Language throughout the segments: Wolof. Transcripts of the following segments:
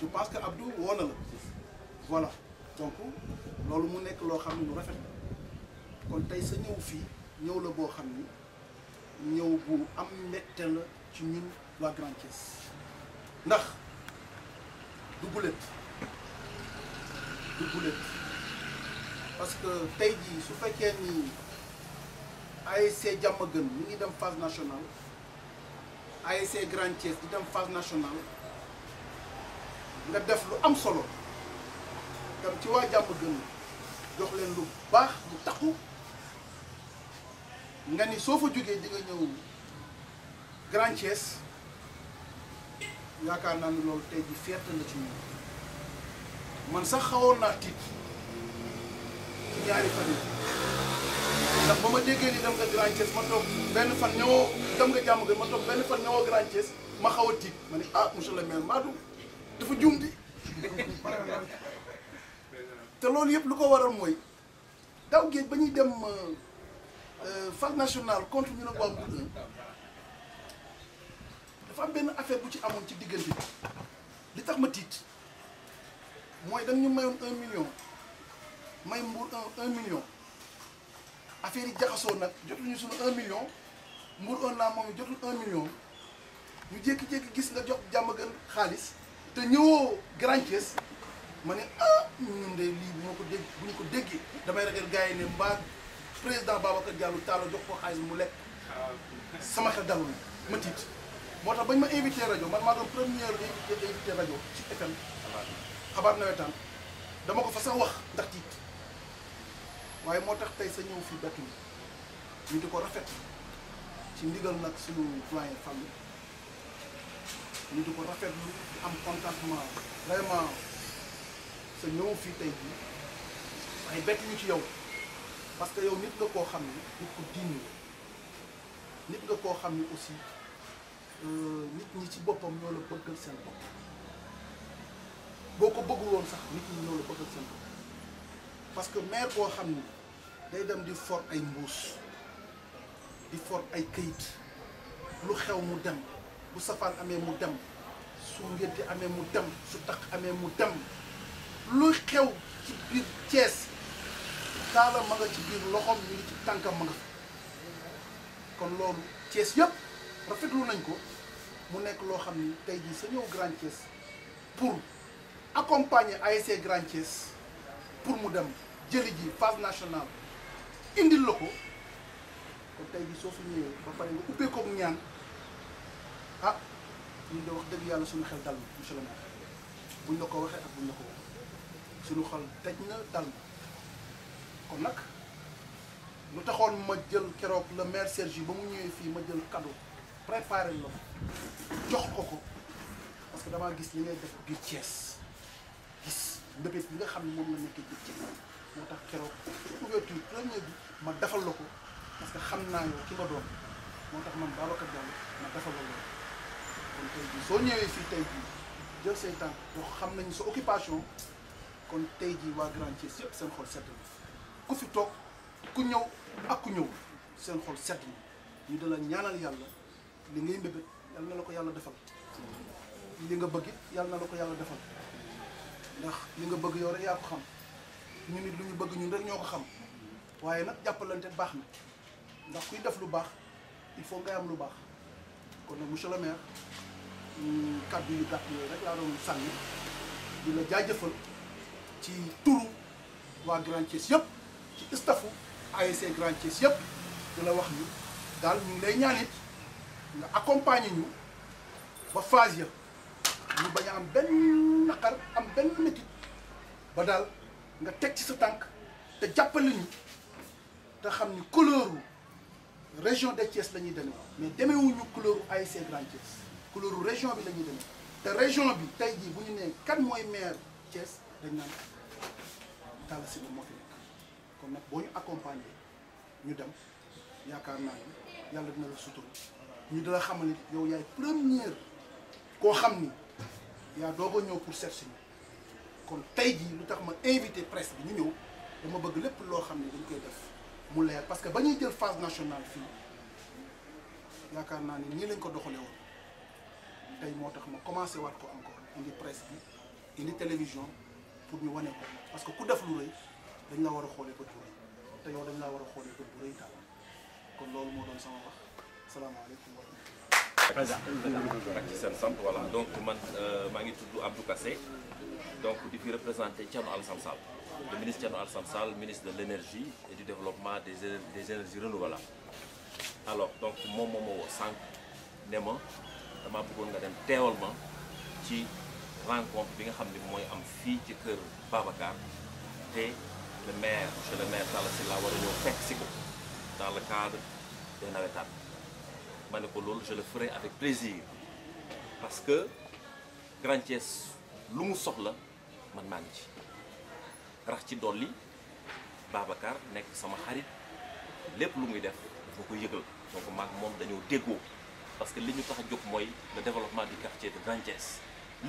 je pense que Abdou woo na la voilà donc loolu mu nekk loo xam ne lu rafet la kon tey sa ñëw fii ñëw la boo xam ni ñëw bu am mbégte la ci ñun waa Grand Thiès ndax du gulet du gulet parce que tey jii su fekkee ni ASC Diamaguène mi ngi dem phase nationale ASC Grand Thiès di dem phase nationale nga def lu am solo tam ci waa jàmm gën jox leen lu baax lu takku nga ni soo fa jógee di nga ñëw Grand yaakaar naa ni loolu tey ji fierté la ci ñun man sax xawoon naa tiit ci ñaari fan yi ndax ba ma déggee ni dem nga Grand ma toog benn fan ñëwoo dem nga jàmm gën ma toog benn fan ñëwoo Grand Thiès ma xaw a tiit ma ni ah monsieur le maire Madou dafa juum di te loolu yëpp lu ko waral mooy daw géej ba ñuy dem phase euh, euh, nationale contre ñu ne waa Mbour dafa am benn affaire bu ci amoon ci diggante bi li tax ma tiit mooy dañ ñu mayoon un million may Mbour un million affaire yi jaxasoo nag jotuñu suñu un million Mbour un la moom jotul un million ñu jékki-jékki gis nga jox jàmm gën xaalis. te ñëwoo Grand Thiès ma ne ah ñun de lii bu ma ko dégg bu ñu ko déggee damay ragal gars yi ne mbaa président Babacar Diallo Talla jox ko xaalis mu lekk sama xel dalul ma tiit moo tax bañ ma invité rajo man maa doon première invité rajo ci FM xabaar nawetaan dama ko fa sax wax ndax tiit waaye moo tax tey sa ñëw fii bettu ñu di ko rafet ci ndigal nag suñu doyen famille ñu du ko rafetlu di am contentement vraiment sa ñëw fii tey jii ay bett ñu ci yow parce que yow nit nga koo xam ni nit ko diin nit nga koo xam ni aussi euh, nit ñi ci boppam ñoo la bëggal seen bopp boo ko bëggul woon sax nit ñi ñoo la bëggal seen bopp parce que maire koo xam ni day dem di for ay mbuus di for ay këyit lu xew mu dem bu safaan amee mu dem su ngénte amee mu dem su takk amee mu dem luy xew ci biir Thiès taala ma nga ci biir loxoom ñu ngi ci tànkam ma nga kon loolu Thiès yëpp rafetlu nañ ko mu nekk loo xam ni tey jii sa ñëw Grand Thiès pour accompagner ASC Grand Thiès pour mu dem jëli ji phase nationale indil la ko kon tey jii soo fi ñëwee ba pare nga ubbee ñaan. ah ñun de wax dëgg yàlla suñu xel dal na monsieur le maire buñ la ko waxee ak buñ la ko wax suñu xel daj na dal na kon nag lu taxoon ma jël keroog le maire Sergi ba mu ñëwee fii ma jël cadeau préparé la jox ko ko parce que damaa gis li ngay def biir cees gis mbébét bi nga xam ne moom la nekkee biir Thiès moo tax keroog ma defal la ko parce que xam naa yow ki nga doon moo tax man Babacar Diallo ma defal la loolu tey jii soo ñëwee fii tey jii jël say tànk wax xam nañ sa occupation kon tey jii waa Grand Thiès yëpp seen xol sedd na ku fi toog ku ñëw ak ku ñëw seen xol sedd na ñu dala ñaanal yàlla li ngay mbébét yàlla na la ko yàlla defal li nga bëgg yàlla na la ko yàlla defal ndax li nga bëgg yow rek yaa ko xam ñu nit lu ñu bëgg ñun rek ñoo ko xam waaye nag jàppalante baax na ndax kuy def lu baax il faut ngay am lu baax kon nag monsieur le maire kàddu yu gàtt yooyu rek laa doon sànni di la jaajëfal ci turu waa Grand Thiès yëpp ci staffu ASC Grand Thiès yëpp di wax ni daal ñu ngi lay ñaanit nga accompagner ñu ba phase ya ñu bañ am benn naqar am benn métit ba daal nga teg ci sa tànk te jàppale ñu te xam ni couleur région de Thiès la ñuy demee mais demeewuñu couleuru ASC Grand Thiès couleuru région bi la ñuy demee te région bi tey jii bu ñu nee kan mooy maire Thiès dañ naan Talla Sylla moo fi nekk kon nag boo ñu accompagner ñu dem yaakaar naa ni yàlla dina la sutur ñu dala xamal ni yow yaay première koo xam ni yaa doog a ñëw pour seet si ñu kon tey jii lu tax ma invité presse bi ñu ñëw dama bëgg lépp loo xam ne dañ koy def mu leer parce que ba ñuy jël phase nationale fii yaakaar naa ni nii lañ ko doxale woon tey moo tax ma commencé waat ko encore indi presse bi indi télévision pour ñu wane ko parce que ku def lu rëy dañ la war a xoolee bët bu rëy te dañ la war a xoolee bu rëy kon loolu moo doon sama wax salaamaaleykum wa rahmatulah. ak ci seen sant voilà donc man euh, maa ngi tudd Abdou Kassé donc di fi représenté Thierno Alassane Sall le ministre Thierno Alassane Sall ministre de l' énergie et du développement des des énergies renouvelables alors donc moom moo ma sànq ne ma. dama bëggoon nga dem teewal ma ci rencontre bi nga xam ni mooy am fii ci kër Babacar te le maire monsieur le maire Talla Sylla war a ñëw fekk si ko dans la cadre des nawetaan ma ne ko loolu je le ferai avec plaisir parce que Grand Thiès lu mu soxla man maa ngi ci rax ci dolli Babacar nekk sama xarit lépp lu muy def boo ko yëgal donc maag moom dañoo déggoo parce que li ñu tax a jóg mooy le développement di quartier de Grand Thiès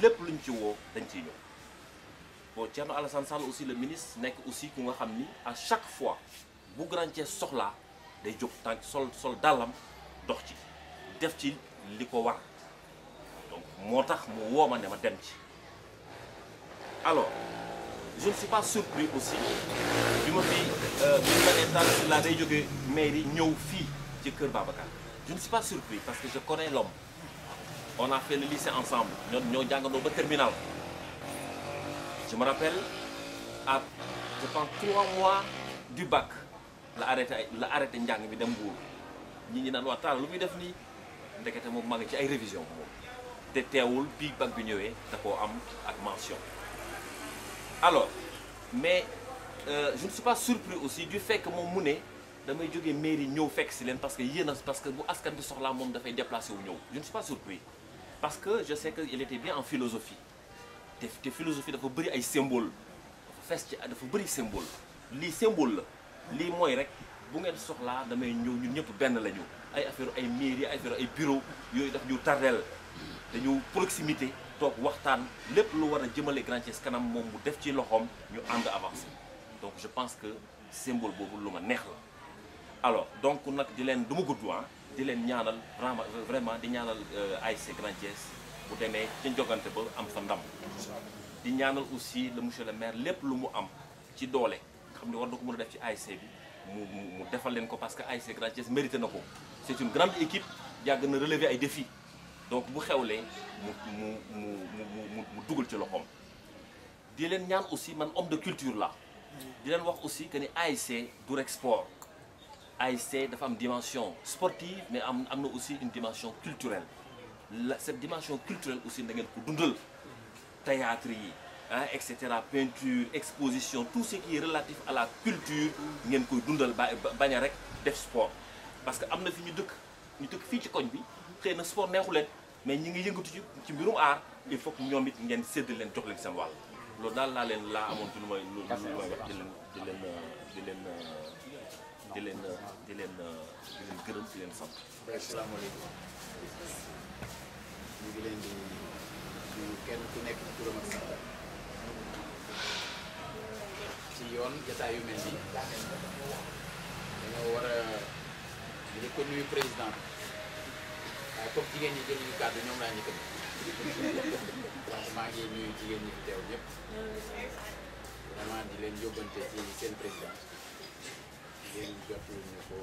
lépp lu ñu ci woo dañ ci ñëw bon Thierno Alassane Sall aussi le ministre nekk aussi ku nga xam ni à chaque fois bu Grand Thiès soxlaa day jóg tànk sol sol dàllam dox ci def ci li ko war donc moo tax mu woo ma ne ma dem ci alors je ne suis pas surpris aussi bi ma fi euh, bi ma ne tànn si laa day jógee mairie ñëw fii ci kër Babacar je ne suis pas parce que je connais l'homme on a fait le lycée ensemble ñoo ñoo jàngandoo ba terminal je me rappelle à je pense trois mois du bac la arrêté la arrêté njàng mi dem Mbour ñi ñi naan waa taal lu muy def nii ndekete moom maa ci ay révision moom te teewul bii bac bi ñëwee da am ak mention alors mais euh, je ne suis pas aussi du fekk moom mu ne damay jógee mairie ñëw fekk si leen parce que yéen parce que bu askan bi soxlaa moom dafay déplacé wu ñëw je ne suis pas surpris parce que je sais que il était bien en philosophie te te philosophie dafa bëri ay symbole dafa fees ci dafa bëri symbole lii symbole la lii mooy rek bu ngeen soxlaa damay ñëw ñun ñëpp benn la ñu ay affaire ay mairie ay affaire ay bureau yooyu daf ñu tardeel dañu proximité toog waxtaan lépp lu war a jëmale Grand Thiès kanam moom mu def ci loxoom ñu ànd avancé donc je pense que symbole boobu lu ma neex la alors donc nag di leen du ma gudd ah di leen ñaanal vraiment di ñaanal euh, ASC Grand Thiès bu demee ci jogante ba am fa ndam di ñaanal aussi la monsieur le maire lépp lu mu am ci doole xam ne war na ko mën a def ci ASC bi mu mu defal leen ko parce que ASC Grand Thiès mérité na ko c'est une grande équipe jàgg na relever ay défis donc bu xewlee mu mu mu mu mu dugal ci loxoom di leen ñaan aussi man homme de culture la di leen wax aussi que ni ASC du rek ay ASC dafa am dimension sportive mais am am na aussi une dimension culturelle la cette dimension culturelle aussi da ngeen ko dundal théâtre yi ah et cetera peinture exposition tout ce qui relatif à la culture ngeen koy dundal ba bañ a rek def sport parce que am na fi ñu dëkk ñu dëkk fii ci koñ bi xëy na sport neexu leen mais ñu ngi yëngatu ci ci mbirum aar il faut que ñoom it ngeen sedd leen jox leen seen wàll loolu daal laa leen laa amoon ci lu may lu may wax di leen di leen di leen di leen di leen gërëm di leen sant. ngi leen di nuyu kenn ku nekk ci turam ak sant ci yoon jotaay yu mel nii dañoo war dañu ko nuyu président waaye comme jigéen ñi jël ñu kàddu ñoom laa njëkk a maa ngi nuyu jigéen ñi teew ñëpp vraiment di leen yóbbante ci seen président. ngeen jot ñu ko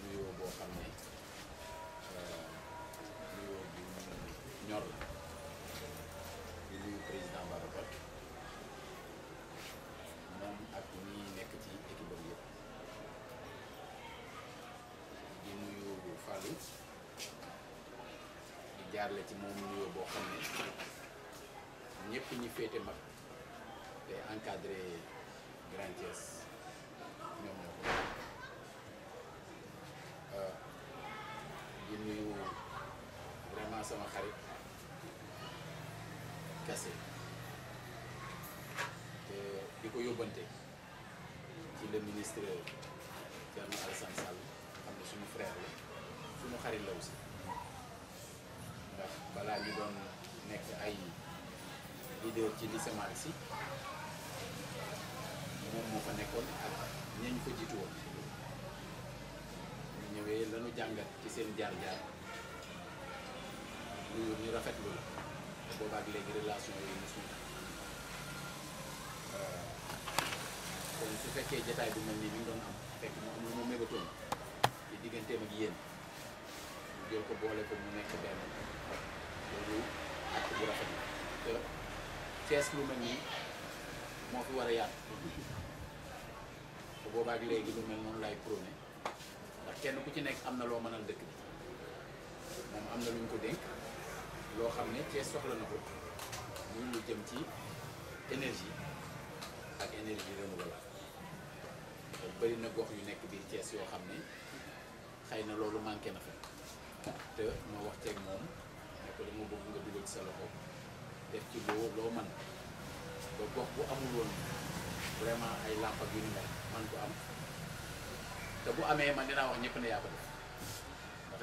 nuyoo boo xam ne euh, nuyoo bi ñor la di nuyu président Babacar moom ak ñi nekk ci équipe di nuyu Fallou di jaarle ci moom nuyoo boo xam ne ñëpp ñi féete mag te encadré Grand vraiment sama xarit kese te di ko yóbbante ci le ministre Thierno Alassane xam ne suñu frère la suñu xarit la aussi ndax balaa ñu doon nekk ay leader ci lycée Malick Sy moom moo fa nekkoon ak ñeñ ko jiitu woon ñu ñëwee lañu jàngat ci seen jaar-jaar lu ñu rafetlu la te boobaak léegi relation yooyu mosul euh, kon su fekkee jataay bu mel nii mi ngi doon am fekk mu am lu mu mébatoon ci digganteem ak yéen ñu jël ko boole ko mu nekk benn loolu ak bu rafet la te Cees lu mel nii moo fi war a yaatu te boobaak léegi lu mel noonu lay prôné ndax kenn ku ci nekk am na loo mënal dëkk bi moom am na luñ ko dénk loo xam ne Thiès soxla na ko muy lu jëm ci énergie ak énergie renouvelable bëri na gox yu nekk biir Thiès yoo xam ne xëy na loolu manqué na fa te ma wax ceeg moom ne ko dama bëgg nga dugal ci sa loxo def ci loo loo man ba gox bu amul woon vraiment ay làmp ak yu ni mel man ko am te bu amee man dinaa wax ñëpp na yaa def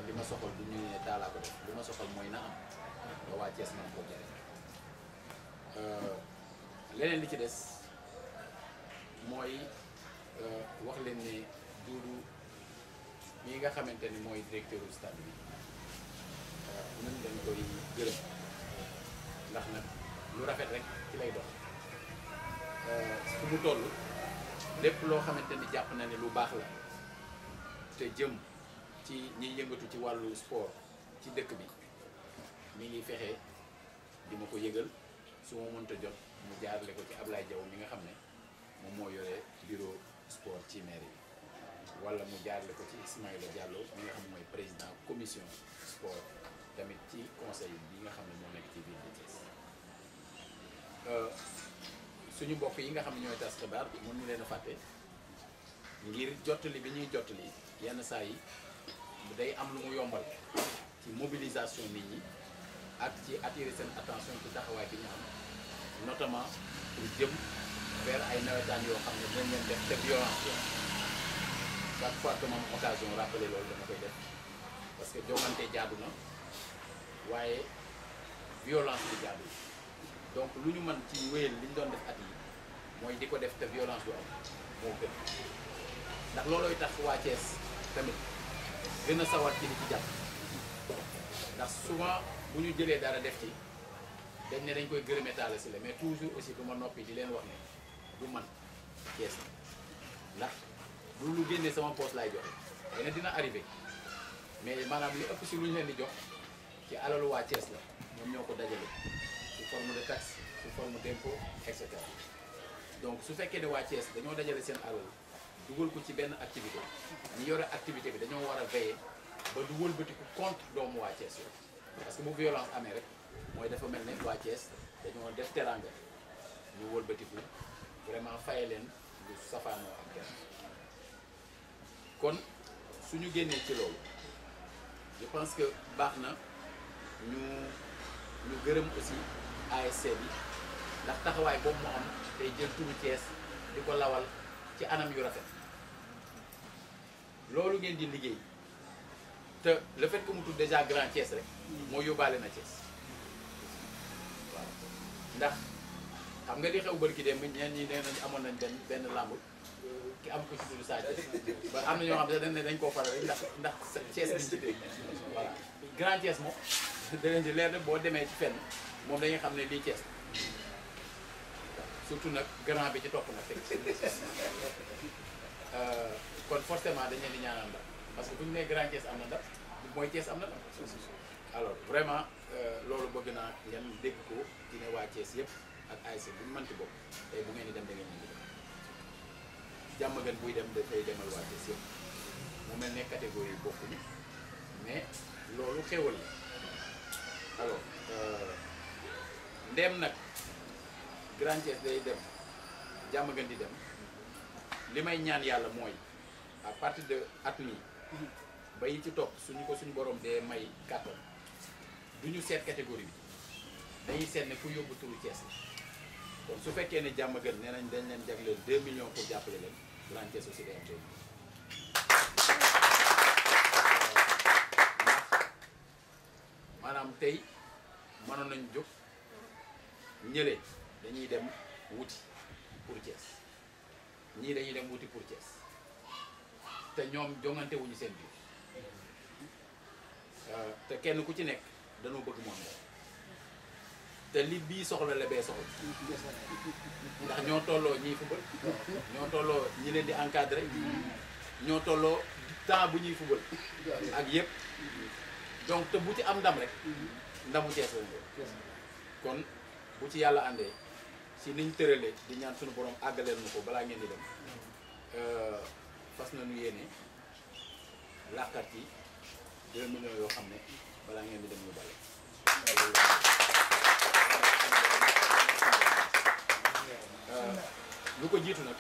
li ma soxal du ñu ne daalaa def li ma soxal mooy na am ba waa Thiès mën koo jëriñ euh, leneen li ci des mooy euh, wax leen ne Doudou mi nga xamante ni mooy directeur du stade bi euh, ñun dañ koy gërëm ndax nag lu rafet rek ci lay dox fu mu toll lépp loo xamante ni jàpp na ne lu baax la te jëm. ci ñiy yëngatu ci wàllu sport ci dëkk bi mi ngi fexe di ma ko yëgal su ma mënta jot mu jaarale ko ci Ablaye Diaw mi nga xam ne moom moo yore bureau sport ci mairie bi wala mu jaarale ko ci Ismaïla Diallo mi nga xam ne mooy président commission sport tamit ci conseil bi nga xam ne moo nekk ci biir de Thiès euh, suñu bokk yi nga xam ne ñooy tas xibaar bi mën ñu leen a fàtte ngir jottali bi ñuy jottali yenn saa yi day am lu mu yombal ci mobilisation nit ñi ak ci attirer seen attention ci taxawaay bi ñu am notamment pour jëm vers ay nawetaan yoo xam ne dinañ leen def te violence la chaque fois que ma am occasion rappeler loolu dama koy def parce que jongante jaadu na waaye violence bi jaadu donc lu ñu mën ci wéyal li doon def at yi mooy di ko def te violence du ndax loolooy tax waa Thiès tamit. gën a sawar ci li jàpp ndax souvent bu ñu jëlee dara def ci dañ ne dañ koy gërëmee taala si la mais toujours aussi du ma noppi di leen wax ne du man kees ndax lu lu génnee sama poos laay joxe dana dina arrivé mais maanaam li ëpp si lu leen di jox ci alalu waa Thiès la ñoom ñoo ko dajale sous forme de taxe sous forme d'impôt et cetera donc su fekkee ne waa Thiès dañoo dajale seen alal dugal ko ci benn activité ñi yore activité bi dañoo war a veiller ba du wëlbatiku contre doomu waa Thiès yooyu parce que bu violence amee rek mooy dafa mel ne waa Thiès dañoo def teranga ñu wëlbatiku vraiment faye leen lu safaanoo ak kenn kon suñu génnee ci loolu je pense que baax na ñu ñu gërëm aussi ASC bi ndax taxawaay boobu mu am tey jël turu Thiès di ko lawal ci anam yu rafet loolu ngeen di liggéey te le fait que mu tudd déjà grand Thiès rek moo yóbbaale na Thiès ndax xam nga di xew bërki dem ñeen ñi nee amoon nañ benn benn làmb ki am ko Sa am na ñoo xam ne dañ ne dañ koo faral rek ndax ndax Thiès lañ ci dégg voilà grand Thiès moom da leen leer ne boo demee ci fenn moom dañuy xam ne lii Thiès surtout nag grand bi ci topp na fekk kon forcément dañ leen di ñaanal ndam parce que bu ñu nee Grand Thiès am na ndam mooy Thiès am na ndam. alors vraiment euh, loolu bëgg naa ngeen dégg ko dina waa Thiès yëpp ak ASC bu ñu mënti bokk tey bu ngeen di dem da ngeen buy dem dafay demal waa Thiès yëpp mu mel ne catégorie yi bokkuñu mais loolu xéwal la euh, nag Grand Thiès dem jàmm di dem li may ñaan yàlla mooy. à partir de at mi ba yi ci topp suñu ko suñu boroom dee may kàttan du ñu seet catégorie bi dañuy seet ne ku yóbbu turu Thiès la kon su fekkee ne jàmm gën nee nañ dañ leen jagleel 2 millions pour jàppale leen Grand Thiès aussi day am tey maanaam tey mënoon nañ jóg ñële dañuy dem wuti pour Thiès ñii dañuy dem wuti pour Thiès te ñoom jongante wuñu seen euh, te kenn ku ci nekk dañoo bëgg moom te li bii soxla la bee soxla ndax ñoo tolloo ñiy fubal ñoo tolloo ñi leen di encadré ñoo tolloo temps bu ñuy fubal ak yëpp donc te bu ci am ndam rek ndamu Cees la kon bu ci yàlla àndee si ñu tëralee di ñaan suñu borom àggaleel na ko balaa ngeen di dem euh, fas nañu yéene làkkat yi 2 millions yoo xam ne balaa ngeen di dem ñu bale euh, lu ko jiitu nag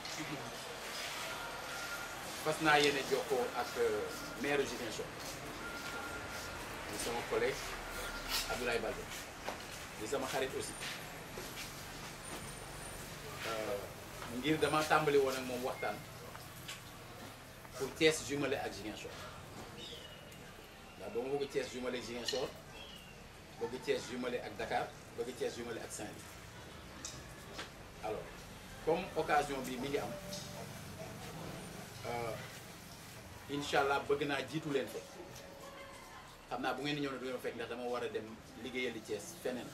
fas naa yéene jokkoo ak euh, maire Ziguinchor di sama collègue Abdoulaye Baldé di sama xarit aussi euh, ngir dama tàmbali woon ak moom waxtaan pour Thiès jumelé ak Ziguinchor ndax ba ma bëgg Thiès jumelé ak Ziguinchor bëgg Thiès jumelé ak Dakar bëgg Thiès jumelé ak Saint-Louis alors comme occasion bi mi ngi am euh, incha allah bëgg naa jiitu leen fa xam naa bu ngeen di ñëw ne du ngeen fekk ndax dama war a dem liggéeyali Thiès feneen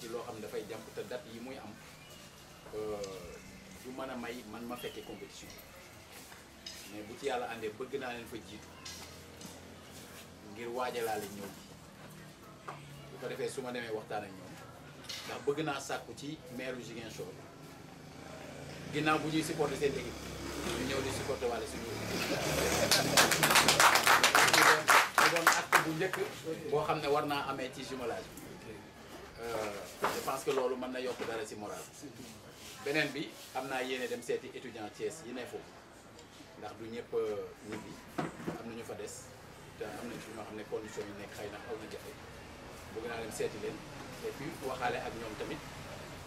ci loo xam ne dafay jàmp te yi muy am euh, du mën a may man ma fekkee compétition mais bu ci yàlla àndee bëgg naa leen fa jiitu ngir waajalaale ñëw bi bu ko defee su ma demee waxtaan ak ñoom ndax bëgg naa sàkku ci maire yu Ziguinchor ginnaaw bu ñuy supporter seen équipe ñu ñëw di supporter wàlle suñu ñu doon acte bu njëkk boo xam ne war naa amee ci jumelage bi euh, je loolu mën na yokk dara si moral beneen bi am naa yéene dem seeti étudiant Thiès yi ne foofu ndax du ñëpp ñibbi euh, am na ñu fa des te am nañ ci ñoo xam ne condition yi nekk xëy na xaw na jafe bëgg naa leen seeti leen et waxaale ak ñoom tamit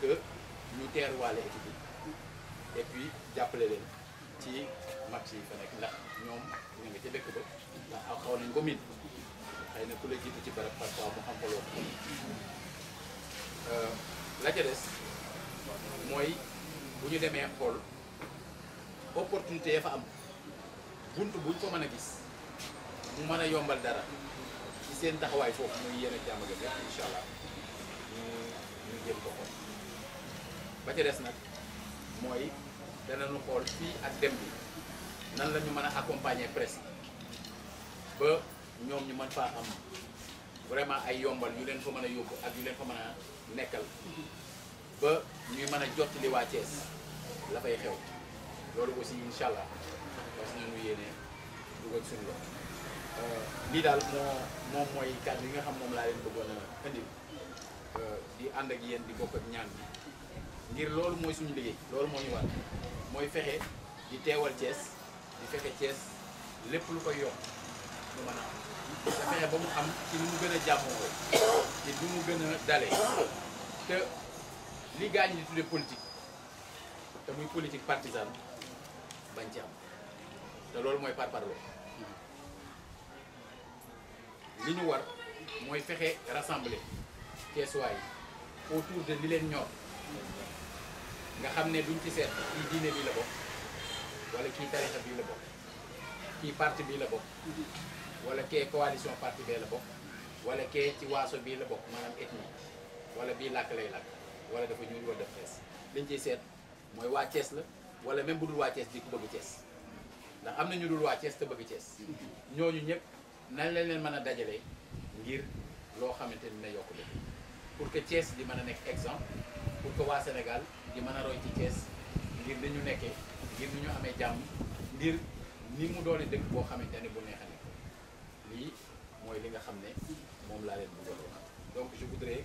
que ñu teeruwaale équipe yi jàppale leen ci match yi fa nekk ndax ñoom ñu ngi ca dëkk ba ndax aw xaw nañ ko miin xëy na ku la jiitu ci barab parfois mu xam faloo euh, la ca des mooy bu ñu demee xool opportunité ya fa am bunt buñ fa mën a gis mu mën a yombal dara ci seen taxawaay foofu muy yéen ak jàmm ak yëpp incha allah jëm ko xool ba ca des nag mooy danañu xool fii ak dem bi nan la ñu mën a accompagner presse ba ñoom ñu man faa am vraiment ay yombal yu leen fa mën a yóbbu ak yu leen fa mën a nekkal ba ñuy mën a jot li waa la fay xew loolu aussi incha allah. fas nañu suñu loxo lii daal moo moom mooy kàddu bi nga xam moom laa leen bëggoon a di ànd ak yéen di bokk ak ñaan bi ngir loolu mooy suñu liggéey loolu moo ñu war mooy fexe di teewal Thiès di fexe Thiès lépp lu koy yokk lu mën a ba mu am ci lu mu gën a jàmmoo ci lu mu gën a dalee te li gaañ di tuddee politique te muy politique partisane bañ ci te loolu mooy par parlo li ñu war mooy fexe rassembler keesuwaay yi autour de li leen ñor nga xam ne duñ ci seet kii diine bi la bokk wala kii tarixa bii la bokk kii parti bii la bokk wala kee coalition parti bee la bokk wala kee ci waaso bii la bokk maanaam ethnie wala bii làkk lay làkk wala dafa ñuul wala def xees liñ ciy seet mooy waa Cees la walla même bu dul waa Cees di ku bëgg Cees ndax am na ñu dul waa Thiès te bëgg Thiès ñooñu ñëpp nañ leen leen mën a dajale ngir loo xamante ni na yokk dëkk pour que Thiès di mën a nekk exemple pour que waa Sénégal di mën a roy ci Thiès ngir dañu nekkee ngir ni ñu amee jàmm ngir ni mu doone dëkk boo xamante ne bu neexee nekk lii mooy li nga xam ne moom laa leen mu bëggoon donc je voudrais